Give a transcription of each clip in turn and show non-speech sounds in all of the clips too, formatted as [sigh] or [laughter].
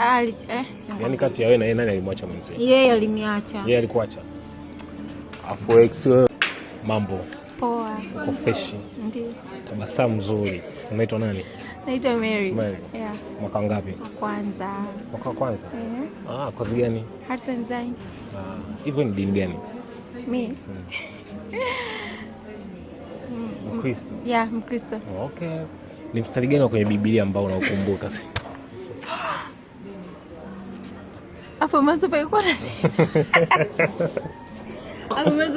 Ah, ah, ali, eh, yaani kati ya wewe na yeye nani alimwacha mwenzie? Yeye aliniacha. Yeye alikuacha. Afu ex mambo. Poa. Uko fresh. Ndio. Tabasamu nzuri. Unaitwa nani? Naitwa Mary. Mary. Yeah. Mwaka ngapi? Kwanza. Mwaka kwanza? Eh. Yeah. Ah, kozi gani? Arts and Design. Ah, hivyo ni dini gani? Mimi. Hmm. [laughs] Mm, mm. Mkristo. Yeah, Mkristo. Okay. Ni mstari gani wa kwenye Biblia ambao unaokumbuka sasa? [laughs] Pamazu paikuwa na neno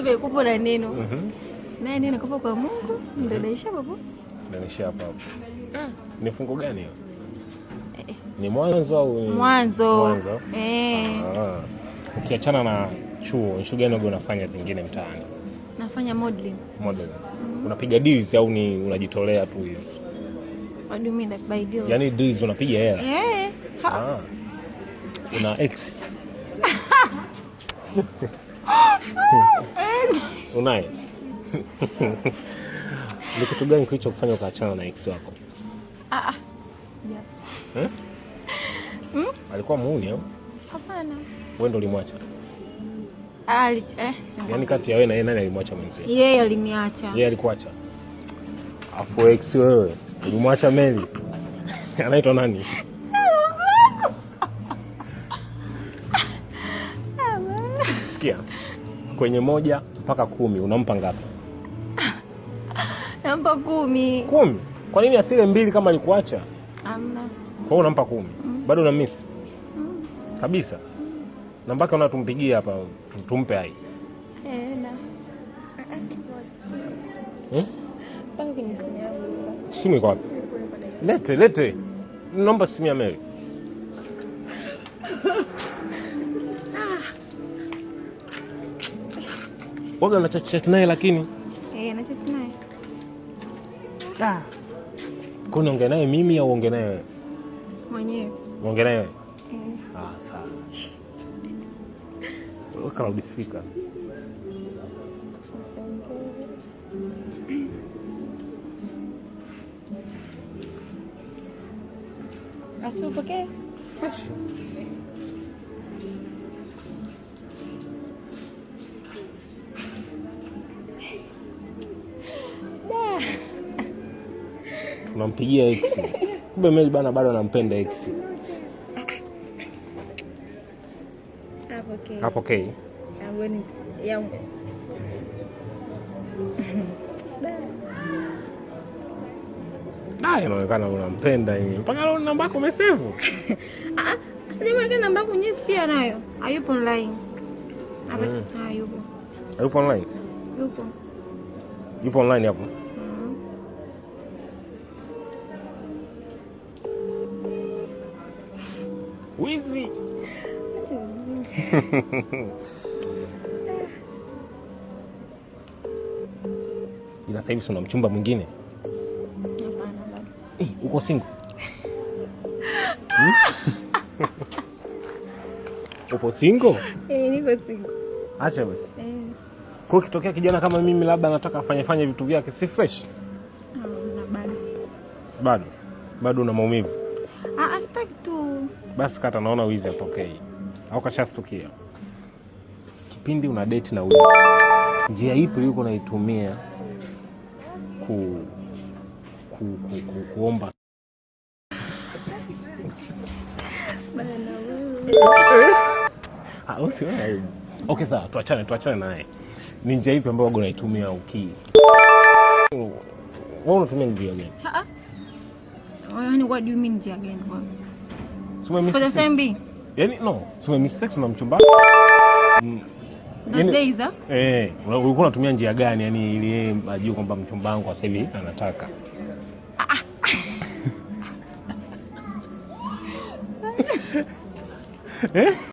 [laughs] paikuwa na neno mhm. naye neno kupa kwa Mungu mhm. ndo naisha hapo, naisha hapo hapo. Mm. Ni fungu gani hiyo? Eh, eh. Ni mwanzo au ni mwanzo? Mwanzo. Eh. Ukiachana na chuo, ni shughuli gani unafanya zingine mtaani? Nafanya modeling. Modeling. Mhm. Unapiga deals au ni unajitolea tu hiyo? What do you mean by deals? Yaani deals unapiga hela? Eh. Ah una ex unaye? Ni kitu gani kilicho kufanya ukaachana na ex wako? Ah, yeah. Eh? Mm? Alikuwa muuni au? Hapana. Wewe ndo ulimwacha? Ah, eh, yaani kati ya wewe na yeye nani alimwacha mwenzake? Yeye aliniacha. Yeye alikuacha? Afu ex wewe ulimwacha Meli. [laughs] Anaitwa nani? Sikia, kwenye moja mpaka kumi unampa ngapi? Nampa kumi. Kumi? Kwa nini asile mbili kama alikuacha? Amna. Kwa hiyo unampa kumi. Mm. Bado na Mm. Kabisa. Mm. Namba yake unatumpigia hapa tumpe hai. Eh, na. Eh? Simu iko wapi? Lete, lete. Naomba simu ya Mary. Waga chat naye lakini eh, na chat naye Da. Kuna ongea naye mimi au ongea naye Mwenyewe. Ongea naye Eh. Ah, sawa. Weka loud speaker. Asipokee. Fresh. unampigia x kumbe mei bana bado anampenda x Hapo okay. Ah, inaonekana unampenda yeye. Mpaka leo namba yako umesevu. Ah, ah sijamwekea namba yako nyinyi pia nayo. Hayupo online. Mm. Ah, hayupo. Hayupo online. Yupo. Yupo online hapo. Wizi. [laughs] Ila sasa hivi una mchumba mwingine? Hapana bado. Eh, uko single? Hmm? [laughs] Upo Eh, niko single. Acha basi. Eh. Kwa kitokea kijana kama mimi labda anataka afanye fanye vitu vyake si fresh? Ah, bado. Bado. Bado una maumivu? Ah, ah sitaki tu basi kata, naona wizi atokei au kashastukia. Kipindi una date na wizi, njia ipi uliko naitumia ku, ku, ku, ku, kuomba ah, Okay, sawa, tuachane tuachane naye. Ni njia ipi ambayo unaitumia uki wewe unatumia njia gani? the same Yani no, so na mchumba. Those days Eh, ulikuwa unatumia njia gani yani ili yeye ajue kwamba mchumba wangu sasa hivi anataka? [laughs] Eh?